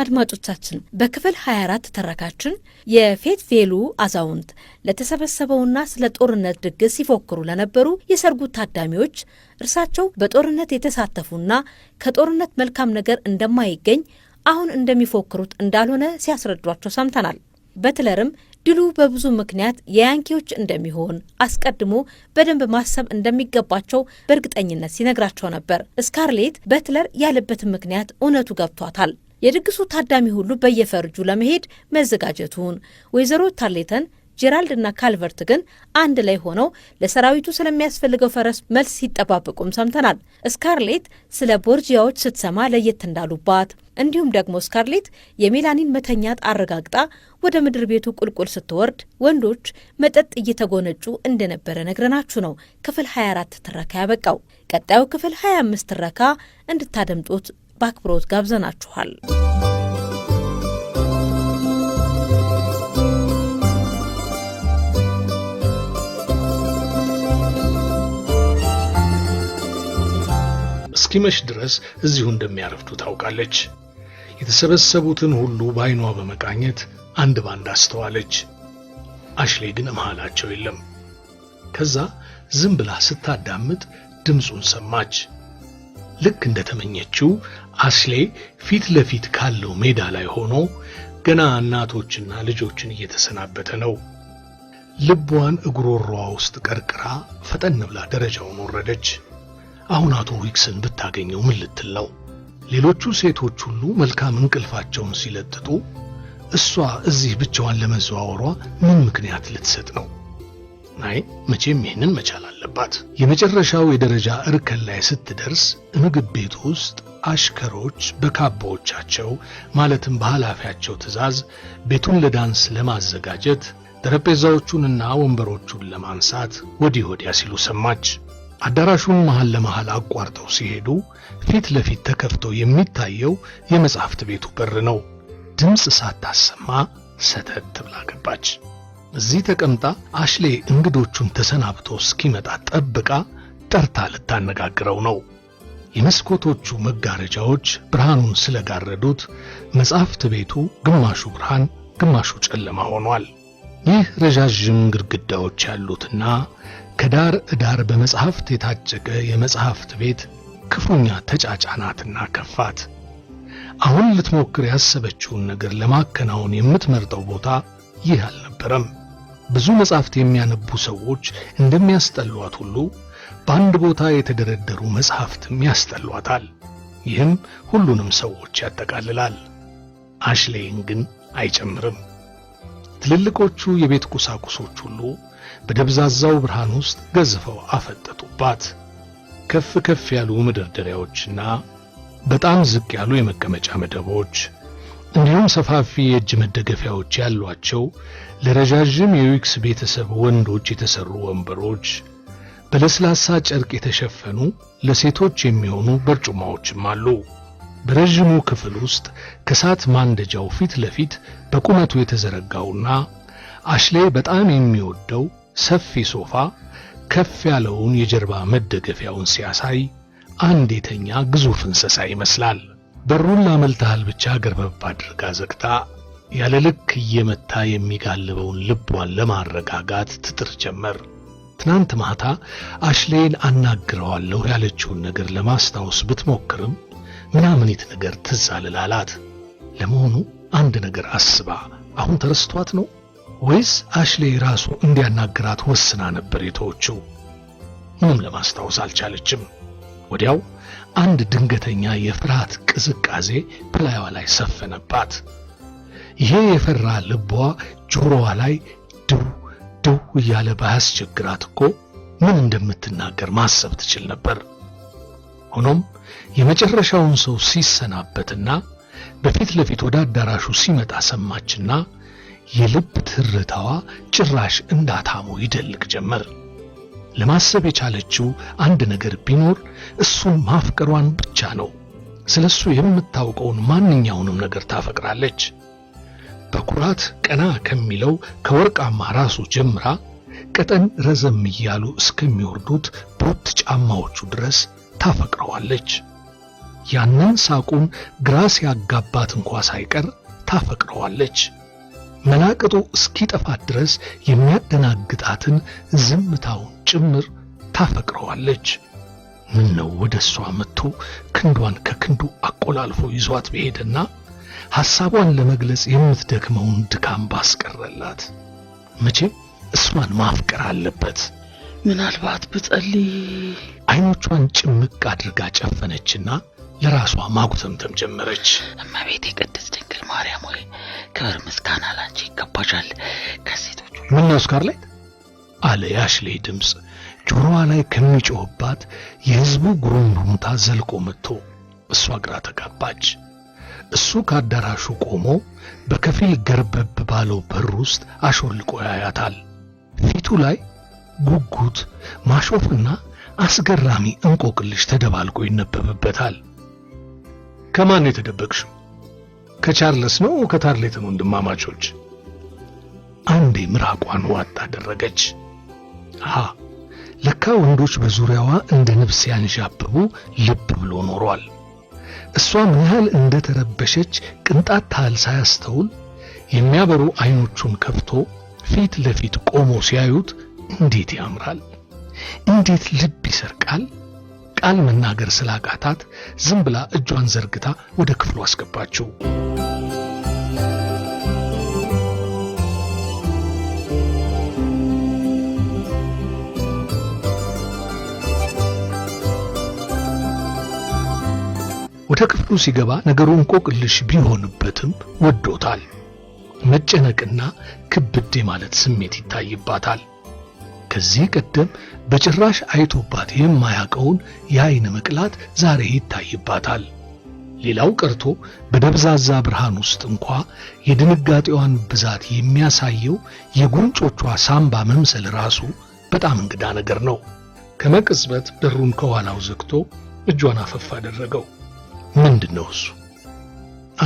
አድማጮቻችን በክፍል 24 ተረካችን የፌት ቬሉ አዛውንት ለተሰበሰበውና ስለ ጦርነት ድግስ ሲፎክሩ ለነበሩ የሰርጉ ታዳሚዎች እርሳቸው በጦርነት የተሳተፉና ከጦርነት መልካም ነገር እንደማይገኝ አሁን እንደሚፎክሩት እንዳልሆነ ሲያስረዷቸው ሰምተናል። በትለርም ድሉ በብዙ ምክንያት የያንኪዎች እንደሚሆን አስቀድሞ በደንብ ማሰብ እንደሚገባቸው በእርግጠኝነት ሲነግራቸው ነበር። ስካርሌት በትለር ያለበትን ምክንያት እውነቱ ገብቷታል። የድግሱ ታዳሚ ሁሉ በየፈርጁ ለመሄድ መዘጋጀቱን ወይዘሮ ታርሌተን ጄራልድ እና ካልቨርት ግን አንድ ላይ ሆነው ለሰራዊቱ ስለሚያስፈልገው ፈረስ መልስ ሲጠባበቁም ሰምተናል። ስካርሌት ስለ ቦርጂያዎች ስትሰማ ለየት እንዳሉባት እንዲሁም ደግሞ ስካርሌት የሜላኒን መተኛት አረጋግጣ ወደ ምድር ቤቱ ቁልቁል ስትወርድ ወንዶች መጠጥ እየተጎነጩ እንደነበረ ነግረናችሁ ነው ክፍል 24 ትረካ ያበቃው። ቀጣዩ ክፍል 25 ትረካ እንድታደምጡት በአክብሮት ጋብዘናችኋል። እስኪመሽ ድረስ እዚሁ እንደሚያረፍዱ ታውቃለች። የተሰበሰቡትን ሁሉ በዓይኗ በመቃኘት አንድ ባንድ አስተዋለች። አሽሌ ግን መሃላቸው የለም። ከዛ ዝም ብላ ስታዳምጥ ድምፁን ሰማች። ልክ እንደተመኘችው አስሌ ፊት ለፊት ካለው ሜዳ ላይ ሆኖ ገና እናቶችና ልጆችን እየተሰናበተ ነው። ልቧን እግሮሯ ውስጥ ቀርቅራ ፈጠን ብላ ደረጃውን ወረደች። አሁን አቶ ዊክስን ብታገኘው ምን ልትል ነው? ሌሎቹ ሴቶች ሁሉ መልካም እንቅልፋቸውን ሲለጥጡ፣ እሷ እዚህ ብቻዋን ለመዘዋወሯ ምን ምክንያት ልትሰጥ ነው? አይ መቼም ይህንን መቻል አለባት። የመጨረሻው የደረጃ እርከን ላይ ስትደርስ ምግብ ቤት ውስጥ አሽከሮች በካቦዎቻቸው ማለትም በኃላፊያቸው ትዕዛዝ ቤቱን ለዳንስ ለማዘጋጀት ጠረጴዛዎቹንና ወንበሮቹን ለማንሳት ወዲህ ወዲያ ሲሉ ሰማች። አዳራሹን መሃል ለመሃል አቋርጠው ሲሄዱ ፊት ለፊት ተከፍቶ የሚታየው የመጽሐፍት ቤቱ በር ነው። ድምፅ ሳታሰማ ሰተት ብላ ገባች። እዚህ ተቀምጣ አሽሌ እንግዶቹን ተሰናብቶ እስኪመጣ ጠብቃ ጠርታ ልታነጋግረው ነው። የመስኮቶቹ መጋረጃዎች ብርሃኑን ስለጋረዱት መጻሕፍት ቤቱ ግማሹ ብርሃን ግማሹ ጨለማ ሆኗል። ይህ ረዣዥም ግድግዳዎች ያሉትና ከዳር ዳር በመጽሐፍት የታጨቀ የመጽሐፍት ቤት ክፉኛ ተጫጫናትና ከፋት። አሁን ልትሞክር ያሰበችውን ነገር ለማከናወን የምትመርጠው ቦታ ይህ አልነበረም። ብዙ መጻሕፍት የሚያነቡ ሰዎች እንደሚያስጠሏት ሁሉ በአንድ ቦታ የተደረደሩ መጻሕፍትም ያስጠሏታል። ይህም ሁሉንም ሰዎች ያጠቃልላል። አሽሌይን ግን አይጨምርም። ትልልቆቹ የቤት ቁሳቁሶች ሁሉ በደብዛዛው ብርሃን ውስጥ ገዝፈው አፈጠጡባት። ከፍ ከፍ ያሉ መደርደሪያዎችና በጣም ዝቅ ያሉ የመቀመጫ መደቦች እንዲሁም ሰፋፊ የእጅ መደገፊያዎች ያሏቸው ለረዣዥም የዊክስ ቤተሰብ ወንዶች የተሰሩ ወንበሮች፣ በለስላሳ ጨርቅ የተሸፈኑ ለሴቶች የሚሆኑ በርጩማዎችም አሉ። በረዥሙ ክፍል ውስጥ ከእሳት ማንደጃው ፊት ለፊት በቁመቱ የተዘረጋውና አሽሌ በጣም የሚወደው ሰፊ ሶፋ ከፍ ያለውን የጀርባ መደገፊያውን ሲያሳይ አንድ የተኛ ግዙፍ እንስሳ ይመስላል። በሩን ላመልጥሃል ብቻ ገርበብ አድርጋ ዘግታ ያለ ልክ እየመታ የሚጋልበውን ልቧን ለማረጋጋት ትጥር ጀመር። ትናንት ማታ አሽሌን አናግረዋለሁ ያለችውን ነገር ለማስታወስ ብትሞክርም ምናምኒት ነገር ትዝ አልላላት። ለመሆኑ አንድ ነገር አስባ አሁን ተረስቷት ነው ወይስ አሽሌ ራሱ እንዲያናግራት ወስና ነበር የተወችው? ምንም ለማስታወስ አልቻለችም። ወዲያው አንድ ድንገተኛ የፍርሃት ቅዝቃዜ በላይዋ ላይ ሰፈነባት። ይሄ የፈራ ልቧ ጆሮዋ ላይ ድው ድው እያለ ባያስቸግራት እኮ ምን እንደምትናገር ማሰብ ትችል ነበር። ሆኖም የመጨረሻውን ሰው ሲሰናበትና በፊት ለፊት ወደ አዳራሹ ሲመጣ ሰማችና የልብ ትርታዋ ጭራሽ እንዳታሞ ይደልቅ ጀመር። ለማሰብ የቻለችው አንድ ነገር ቢኖር እሱን ማፍቀሯን ብቻ ነው። ስለ እሱ የምታውቀውን ማንኛውንም ነገር ታፈቅራለች። በኩራት ቀና ከሚለው ከወርቃማ ራሱ ጀምራ ቀጠን ረዘም እያሉ እስከሚወርዱት ቦት ጫማዎቹ ድረስ ታፈቅረዋለች። ያንን ሳቁን ግራ ሲያጋባት እንኳ ሳይቀር ታፈቅረዋለች። መላቅጡ እስኪጠፋት ድረስ የሚያደናግጣትን ዝምታውን ጭምር ታፈቅረዋለች። ምን ነው ወደ እሷ መጥቶ ክንዷን ከክንዱ አቆላልፎ ይዟት በሄደና ሐሳቧን ለመግለጽ የምትደክመውን ድካም ባስቀረላት። መቼም እሷን ማፍቀር አለበት። ምናልባት ብጸልይ። አይኖቿን ጭምቅ አድርጋ ጨፈነችና ለራሷ ማጉሰምሰም ጀመረች። እመቤቴ ቅድስት ድንግል ማርያም ሆይ ክብር ምስጋና ላንቺ ይገባሻል። ከሴቶቹ ምን ነው ስካርሌት አለ የአሽሌ ድምፅ ጆሮዋ ላይ ከሚጮህባት የህዝቡ ጉሩምሩምታ ዘልቆ መጥቶ እሷ ግራ ተጋባች። እሱ ከአዳራሹ ቆሞ በከፊል ገርበብ ባለው በር ውስጥ አሾልቆ ያያታል። ፊቱ ላይ ጉጉት፣ ማሾፍና አስገራሚ እንቆቅልሽ ተደባልቆ ይነበብበታል። ከማን ነው የተደበቅሽው? ከቻርለስ ነው ከታርሌተን ወንድማማቾች? አንዴ ምራቋን ዋጥ አደረገች። አሃ ለካ ወንዶች በዙሪያዋ እንደ ንብ ሲያንዣብቡ ልብ ብሎ ኖሯል። እሷ ምን ያህል እንደ ተረበሸች ቅንጣት ታህል ሳያስተውል የሚያበሩ አይኖቹን ከፍቶ ፊት ለፊት ቆሞ ሲያዩት እንዴት ያምራል! እንዴት ልብ ይሰርቃል! ቃል መናገር ስላቃታት ዝም ብላ እጇን ዘርግታ ወደ ክፍሉ አስገባችው። ወደ ክፍሉ ሲገባ ነገሩ እንቆቅልሽ ቢሆንበትም ወዶታል። መጨነቅና ክብዴ ማለት ስሜት ይታይባታል። ከዚህ ቀደም በጭራሽ አይቶባት የማያውቀውን የአይን መቅላት ዛሬ ይታይባታል። ሌላው ቀርቶ በደብዛዛ ብርሃን ውስጥ እንኳ የድንጋጤዋን ብዛት የሚያሳየው የጉንጮቿ ሳምባ መምሰል ራሱ በጣም እንግዳ ነገር ነው። ከመቅጽበት በሩን ከኋላው ዘግቶ እጇን አፈፍ አደረገው። ምንድን ነው እሱ?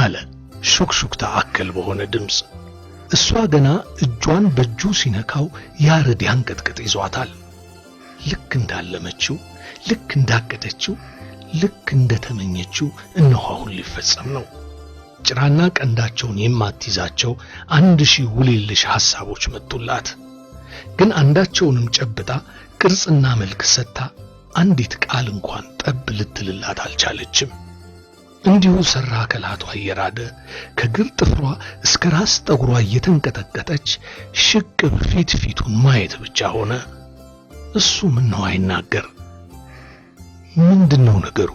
አለ ሹክሹክታ አከል በሆነ ድምፅ። እሷ ገና እጇን በእጁ ሲነካው ያረድ ያንቀጥቅጥ ይዟታል። ልክ እንዳለመችው፣ ልክ እንዳቀደችው፣ ልክ እንደተመኘችው እነሆ አሁን ሊፈጸም ነው። ጭራና ቀንዳቸውን የማትይዛቸው አንድ ሺህ ውሌልሽ ሐሳቦች መጡላት። ግን አንዳቸውንም ጨብጣ ቅርጽና መልክ ሰጥታ አንዲት ቃል እንኳን ጠብ ልትልላት አልቻለችም። እንዲሁ ሰራ ከላቷ እየራደ ከግር ጥፍሯ እስከ ራስ ጠጉሯ እየተንቀጠቀጠች ሽቅብ ፊት ፊቱን ማየት ብቻ ሆነ። እሱ ምን ነው አይናገር፣ ምንድነው ነገሩ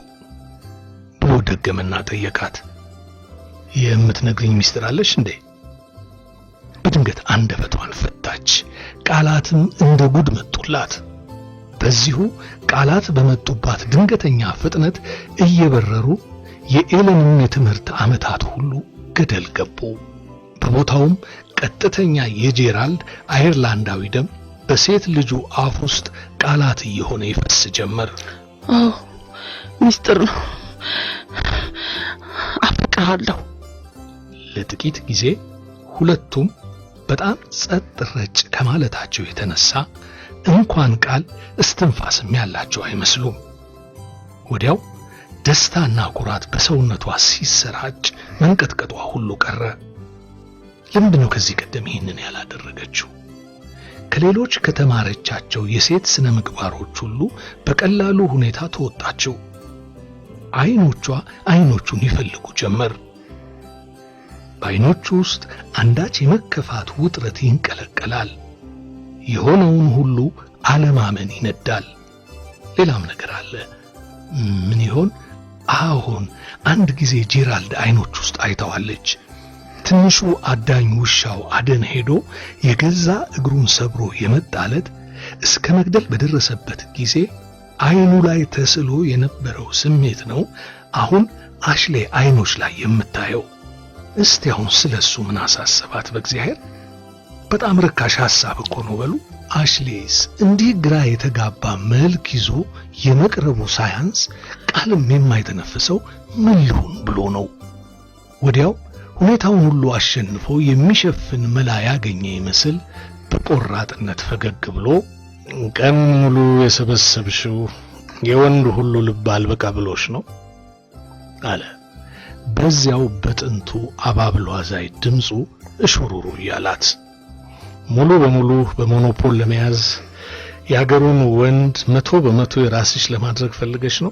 ብሎ ደገመና ጠየቃት። የምትነግሪኝ ሚስጥር አለሽ እንዴ? በድንገት አንደበቷን ፈታች። ቃላትም እንደ ጉድ መጡላት። በዚሁ ቃላት በመጡባት ድንገተኛ ፍጥነት እየበረሩ የኤለንን የትምህርት ዓመታት ሁሉ ገደል ገቡ። በቦታውም ቀጥተኛ የጄራልድ አየርላንዳዊ ደም በሴት ልጁ አፍ ውስጥ ቃላት እየሆነ ይፈስ ጀመር። ኦ ሚስጥር ነው፣ ለጥቂት ጊዜ ሁለቱም በጣም ጸጥ ረጭ ከማለታቸው የተነሳ እንኳን ቃል እስትንፋስም ያላቸው አይመስሉም። ወዲያው ደስታና ኩራት በሰውነቷ ሲሰራጭ መንቀጥቀጧ ሁሉ ቀረ። ነው ከዚህ ቀደም ይህንን ያላደረገችው? ከሌሎች ከተማረቻቸው የሴት ስነ ምግባሮች ሁሉ በቀላሉ ሁኔታ ተወጣችው። አይኖቿ አይኖቹን ይፈልጉ ጀመር። በአይኖቹ ውስጥ አንዳች የመከፋት ውጥረት ይንቀለቀላል። የሆነውን ሁሉ አለማመን ይነዳል። ሌላም ነገር አለ። ምን ይሆን? አሁን አንድ ጊዜ ጄራልድ አይኖች ውስጥ አይተዋለች። ትንሹ አዳኝ ውሻው አደን ሄዶ የገዛ እግሩን ሰብሮ የመጣለት እስከ መግደል በደረሰበት ጊዜ አይኑ ላይ ተስሎ የነበረው ስሜት ነው አሁን አሽሌ አይኖች ላይ የምታየው። እስቲ አሁን ስለሱ ምን አሳሰባት በእግዚአብሔር በጣም ርካሽ ሐሳብ እኮ ነው። በሉ አሽሌስ እንዲህ ግራ የተጋባ መልክ ይዞ የመቅረቡ ሳያንስ ቃልም የማይተነፍሰው ምን ሊሆን ብሎ ነው። ወዲያው ሁኔታውን ሁሉ አሸንፎ የሚሸፍን መላ ያገኘ ይመስል በቆራጥነት ፈገግ ብሎ ቀን ሙሉ የሰበሰብሽው የወንድ ሁሉ ልብ አልበቃ ብሎሽ ነው አለ። በዚያው በጥንቱ አባብሏ ዛይ ድምፁ እሽሩሩ እያላት ሙሉ በሙሉ በሞኖፖል ለመያዝ የአገሩን ወንድ መቶ በመቶ የራስሽ ለማድረግ ፈልገሽ ነው።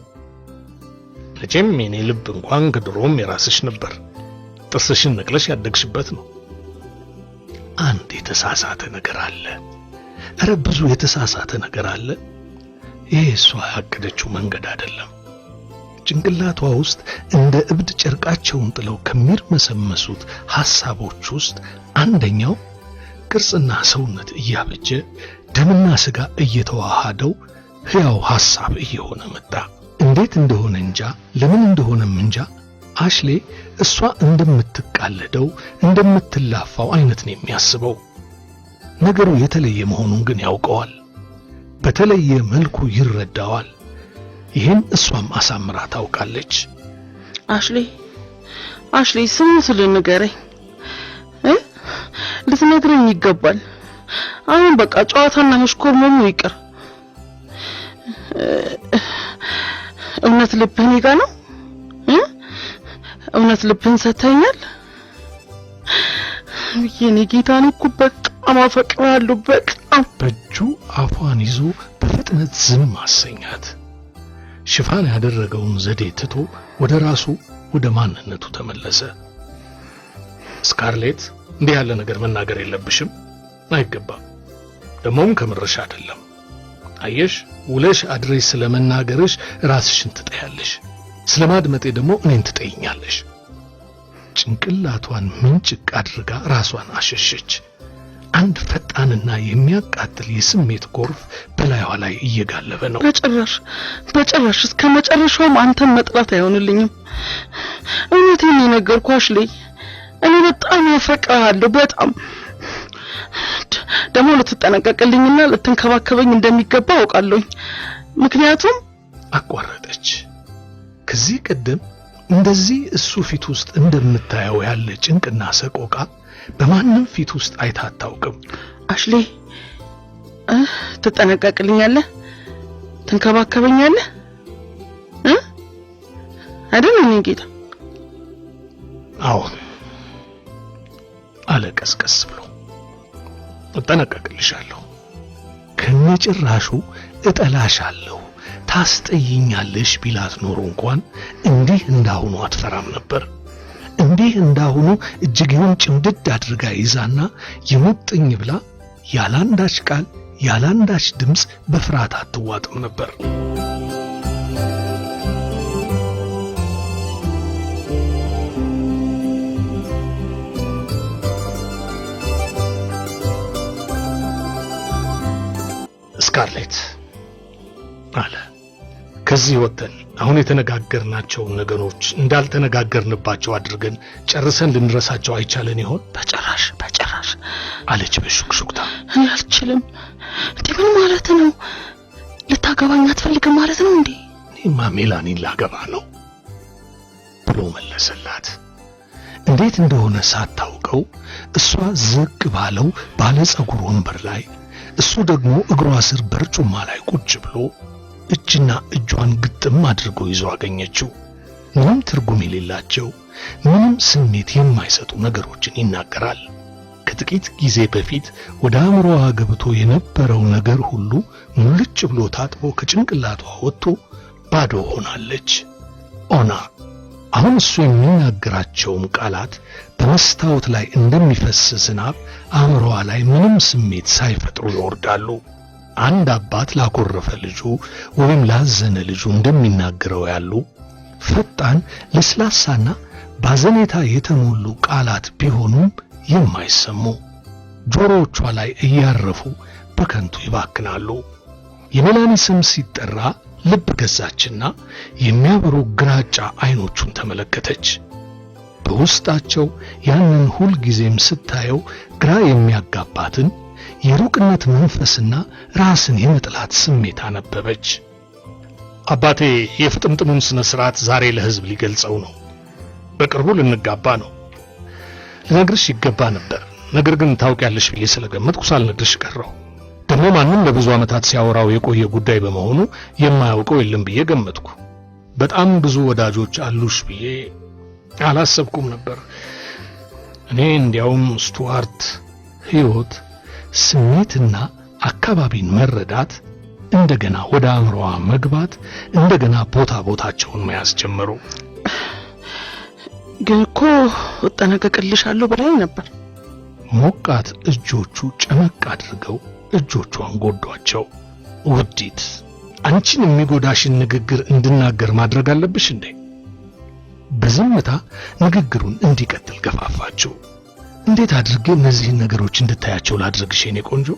መቼም የኔ ልብ እንኳን ከድሮም የራስሽ ነበር። ጥርስሽን ነቅለሽ ያደግሽበት ነው። አንድ የተሳሳተ ነገር አለ። እረ ብዙ የተሳሳተ ነገር አለ። ይሄ እሷ ያቀደችው መንገድ አይደለም። ጭንቅላቷ ውስጥ እንደ እብድ ጨርቃቸውን ጥለው ከሚርመሰመሱት ሐሳቦች ውስጥ አንደኛው ቅርጽና ሰውነት እያበጀ ደምና ስጋ እየተዋሃደው ሕያው ሐሳብ እየሆነ መጣ። እንዴት እንደሆነ እንጃ፣ ለምን እንደሆነም እንጃ አሽሌ እሷ እንደምትቃለደው እንደምትላፋው አይነት ነው የሚያስበው። ነገሩ የተለየ መሆኑን ግን ያውቀዋል። በተለየ መልኩ ይረዳዋል። ይህን እሷም አሳምራ ታውቃለች። አሽሌ አሽሌ ስሙ ስል ልትነግረኝ ይገባል። አሁን በቃ ጨዋታና መሽኮርመሙ ይቅር። እውነት ልብህን ይጋ ነው? እውነት ልብህን ሰተኛል? የኔ ጌታን እኮ በጣም አፈቅራለሁ። በጣም በእጁ አፏን ይዞ በፍጥነት ዝም አሰኛት። ሽፋን ያደረገውን ዘዴ ትቶ ወደ ራሱ ወደ ማንነቱ ተመለሰ። ስካርሌት እንዲህ ያለ ነገር መናገር የለብሽም፣ አይገባም። ደግሞም ከምርሽ አይደለም። አየሽ፣ ውለሽ አድሬሽ ስለመናገርሽ ራስሽን ትጠያለሽ፣ ስለማድመጤ ደግሞ እኔን ትጠይኛለሽ። ጭንቅላቷን ምንጭቅ አድርጋ ራሷን አሸሸች። አንድ ፈጣንና የሚያቃጥል የስሜት ጎርፍ በላይዋ ላይ እየጋለበ ነው። በጭራሽ በጭራሽ! እስከ መጨረሻውም አንተን መጥላት አይሆንልኝም። እውነቴን የነገርኳሽ ልይ እኔ በጣም አፈቅርሃለሁ። በጣም ደግሞ ልትጠነቀቅልኝና ልትንከባከበኝ እንደሚገባ አውቃለሁኝ። ምክንያቱም አቋረጠች። ከዚህ ቀደም እንደዚህ እሱ ፊት ውስጥ እንደምታየው ያለ ጭንቅና ሰቆቃ በማንም ፊት ውስጥ አይታ አታውቅም። አሽሌ ትጠነቀቅልኛለህ፣ ትንከባከበኛለህ አይደል? እኔ ጌታ አዎ አለ ቀስቀስ ብሎ። እጠነቀቅልሻለሁ፣ ከነጭራሹ እጠላሻለሁ፣ ታስጠይኛለሽ ቢላት ኖሮ እንኳን እንዲህ እንዳሁኑ አትፈራም ነበር። እንዲህ እንዳሁኑ እጅጌውን ጭምድድ አድርጋ ይዛና የሙጥኝ ብላ ያላንዳች ቃል ያላንዳች ድምፅ በፍርሃት አትዋጥም ነበር። ስካርሌት አለ ከዚህ ወጥተን አሁን የተነጋገርናቸውን ነገሮች እንዳልተነጋገርንባቸው አድርገን ጨርሰን ልንረሳቸው አይቻለን ይሆን? በጭራሽ በጭራሽ አለች በሹክሹክታ። እኔ አልችልም። እንዴ ምን ማለት ነው? ልታገባኝ አትፈልግም ማለት ነው እንዴ? እኔማ ሜላኒን ላገባ ነው ብሎ መለሰላት። እንዴት እንደሆነ ሳታውቀው እሷ ዝቅ ባለው ባለ ጸጉር ወንበር ላይ እሱ ደግሞ እግሯ ስር በርጩማ ላይ ቁጭ ብሎ እጅና እጇን ግጥም አድርጎ ይዞ አገኘችው። ምንም ትርጉም የሌላቸው ምንም ስሜት የማይሰጡ ነገሮችን ይናገራል። ከጥቂት ጊዜ በፊት ወደ አእምሮዋ ገብቶ የነበረው ነገር ሁሉ ሙልጭ ብሎ ታጥቦ ከጭንቅላቷ ወጥቶ ባዶ ሆናለች። ኦና አሁን እሱ የሚናገራቸውም ቃላት በመስታወት ላይ እንደሚፈስ ዝናብ አእምሮዋ ላይ ምንም ስሜት ሳይፈጥሩ ይወርዳሉ። አንድ አባት ላኮረፈ ልጁ ወይም ላዘነ ልጁ እንደሚናገረው ያሉ ፈጣን፣ ለስላሳና ባዘኔታ የተሞሉ ቃላት ቢሆኑም የማይሰሙ ጆሮዎቿ ላይ እያረፉ በከንቱ ይባክናሉ። የሜላኒ ስም ሲጠራ ልብ ገዛችና የሚያበሩ ግራጫ አይኖቹን ተመለከተች። በውስጣቸው ያንን ሁል ጊዜም ስታየው ግራ የሚያጋባትን የሩቅነት መንፈስና ራስን የመጥላት ስሜት አነበበች። አባቴ የፍጥምጥሙን ስነ ስርዓት ዛሬ ለህዝብ ሊገልጸው ነው። በቅርቡ ልንጋባ ነው። ልነግርሽ ይገባ ነበር፣ ነገር ግን ታውቂያለሽ ብዬ ስለገመትኩ ሳልነግርሽ ቀረው። ደግሞ ማንም ለብዙ ዓመታት ሲያወራው የቆየ ጉዳይ በመሆኑ የማያውቀው የለም ብዬ ገመትኩ። በጣም ብዙ ወዳጆች አሉሽ ብዬ አላሰብኩም ነበር። እኔ እንዲያውም ስቱዋርት ሕይወት ስሜትና አካባቢን መረዳት እንደገና ወደ አእምሮዋ መግባት እንደገና ቦታ ቦታቸውን መያዝ ጀመሩ። ግን እኮ እጠነቀቅልሻለሁ በላይ ነበር። ሞቃት እጆቹ ጨመቅ አድርገው እጆቿን ጎዷቸው። ውዲት አንቺን የሚጎዳሽን ንግግር እንድናገር ማድረግ አለብሽ እንዴ? በዝምታ ንግግሩን እንዲቀጥል ገፋፋችው። እንዴት አድርጌ እነዚህን ነገሮች እንድታያቸው ላድርግሽ የኔ ቆንጆ?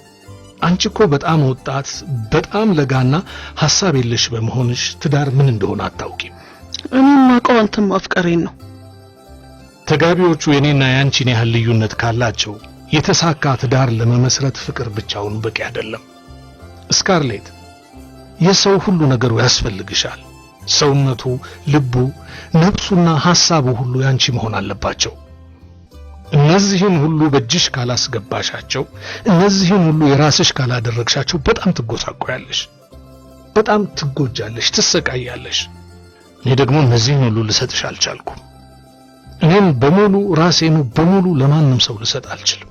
አንቺ እኮ በጣም ወጣት፣ በጣም ለጋና ሐሳብ የለሽ በመሆንሽ ትዳር ምን እንደሆነ አታውቂም። እኔ ማቀው አንተም አፍቀሬን ነው። ተጋቢዎቹ የኔና የአንቺን ያህል ልዩነት ካላቸው የተሳካ ትዳር ለመመስረት ፍቅር ብቻውን በቂ አይደለም። ስካርሌት፣ የሰው ሁሉ ነገሩ ያስፈልግሻል። ሰውነቱ፣ ልቡ፣ ነፍሱና ሐሳቡ ሁሉ ያንቺ መሆን አለባቸው። እነዚህን ሁሉ በእጅሽ ካላስገባሻቸው፣ እነዚህን ሁሉ የራስሽ ካላደረግሻቸው በጣም ትጎሳቆያለሽ፣ በጣም ትጎጃለሽ፣ ትሰቃያለሽ። እኔ ደግሞ እነዚህን ሁሉ ልሰጥሽ አልቻልኩም። እኔም በሙሉ ራሴን በሙሉ ለማንም ሰው ልሰጥ አልችልም።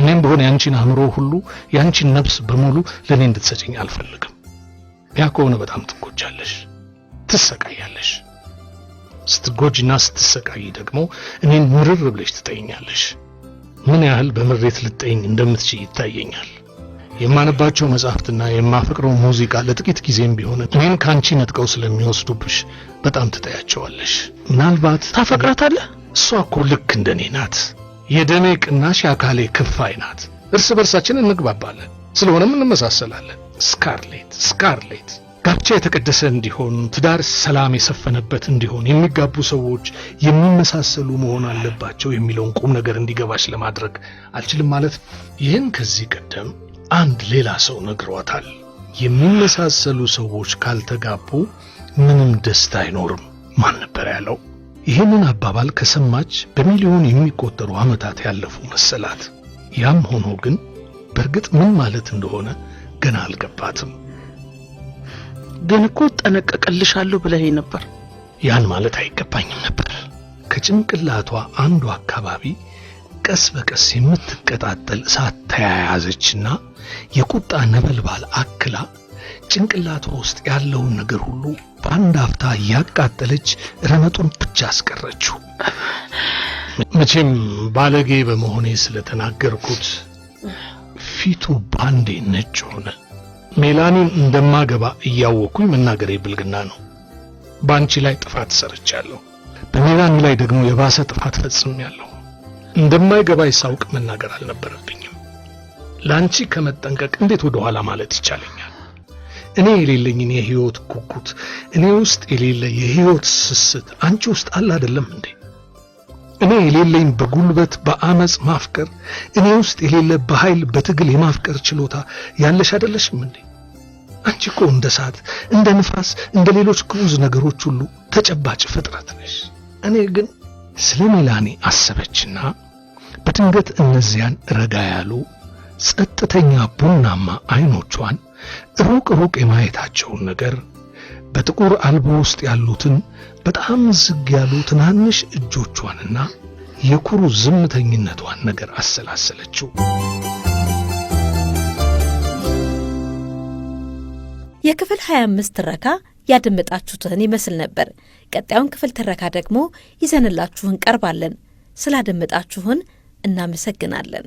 እኔም ብሆን ያንቺን አእምሮ ሁሉ ያንቺን ነፍስ በሙሉ ለእኔ እንድትሰጭኝ አልፈልግም። ያ ከሆነ በጣም ትጎጃለሽ፣ ትሰቃያለሽ። ስትጎጅና ስትሰቃይ ደግሞ እኔን ምርር ብለሽ ትጠይኛለሽ። ምን ያህል በምሬት ልጠይኝ እንደምትችይ ይታየኛል። የማነባቸው መጽሐፍትና የማፈቅረው ሙዚቃ ለጥቂት ጊዜም ቢሆን እኔን ከአንቺ ነጥቀው ስለሚወስዱብሽ በጣም ትጠያቸዋለሽ። ምናልባት ታፈቅራታለህ። እሷ እኮ ልክ እንደኔ ናት። የደሜ ቅናሽ የአካሌ ክፋይ ናት። እርስ በርሳችን እንግባባለን፣ ስለሆነም እንመሳሰላለን። ስካርሌት ስካርሌት ጋብቻ የተቀደሰ እንዲሆን ትዳር ሰላም የሰፈነበት እንዲሆን የሚጋቡ ሰዎች የሚመሳሰሉ መሆን አለባቸው የሚለውን ቁም ነገር እንዲገባሽ ለማድረግ አልችልም ማለት ይህን ከዚህ ቀደም አንድ ሌላ ሰው ነግሯታል። የሚመሳሰሉ ሰዎች ካልተጋቡ ምንም ደስታ አይኖርም። ማን ነበር ያለው? ይህንን አባባል ከሰማች በሚሊዮን የሚቆጠሩ ዓመታት ያለፉ መሰላት። ያም ሆኖ ግን በእርግጥ ምን ማለት እንደሆነ ገና አልገባትም። ግን እኮ ጠነቀቀልሻለሁ ብለህ ነበር። ያን ማለት አይገባኝም ነበር። ከጭንቅላቷ አንዱ አካባቢ ቀስ በቀስ የምትቀጣጠል እሳት ተያያዘችና የቁጣ ነበልባል አክላ ጭንቅላቷ ውስጥ ያለውን ነገር ሁሉ በአንድ አፍታ እያቃጠለች ረመጡን ብቻ አስቀረችው። መቼም ባለጌ በመሆኔ ስለተናገርኩት ፊቱ ባንዴ ነጭ ሆነ። ሜላኒን እንደማገባ እያወቅኩኝ መናገሬ ብልግና ነው። በአንቺ ላይ ጥፋት ሰርቻለሁ፣ በሜላኒ ላይ ደግሞ የባሰ ጥፋት ፈጽሜያለሁ። እንደማይገባ ሳውቅ መናገር አልነበረብኝም። ለአንቺ ከመጠንቀቅ እንዴት ወደ ኋላ ማለት ይቻለኛል? እኔ የሌለኝን የህይወት ጉጉት፣ እኔ ውስጥ የሌለ የህይወት ስስት አንቺ ውስጥ አለ አይደለም እንዴ? እኔ የሌለኝ በጉልበት በአመፅ ማፍቀር፣ እኔ ውስጥ የሌለ በኃይል በትግል የማፍቀር ችሎታ ያለሽ አይደለሽም እንዴ? አንቺ እኮ እንደ እሳት፣ እንደ ንፋስ፣ እንደ ሌሎች ግዑዝ ነገሮች ሁሉ ተጨባጭ ፍጥረት ነሽ። እኔ ግን ስለ ሜላኒ አሰበችና በድንገት እነዚያን ረጋ ያሉ ጸጥተኛ ቡናማ አይኖቿን ሩቅ ሩቅ የማየታቸውን ነገር በጥቁር አልቦ ውስጥ ያሉትን በጣም ዝግ ያሉ ትናንሽ እጆቿንና የኩሩ ዝምተኝነቷን ነገር አሰላሰለችው። የክፍል 25 ትረካ ያደመጣችሁትን ይመስል ነበር። ቀጣዩን ክፍል ትረካ ደግሞ ይዘንላችሁን ቀርባለን። ስላደመጣችሁን እናመሰግናለን።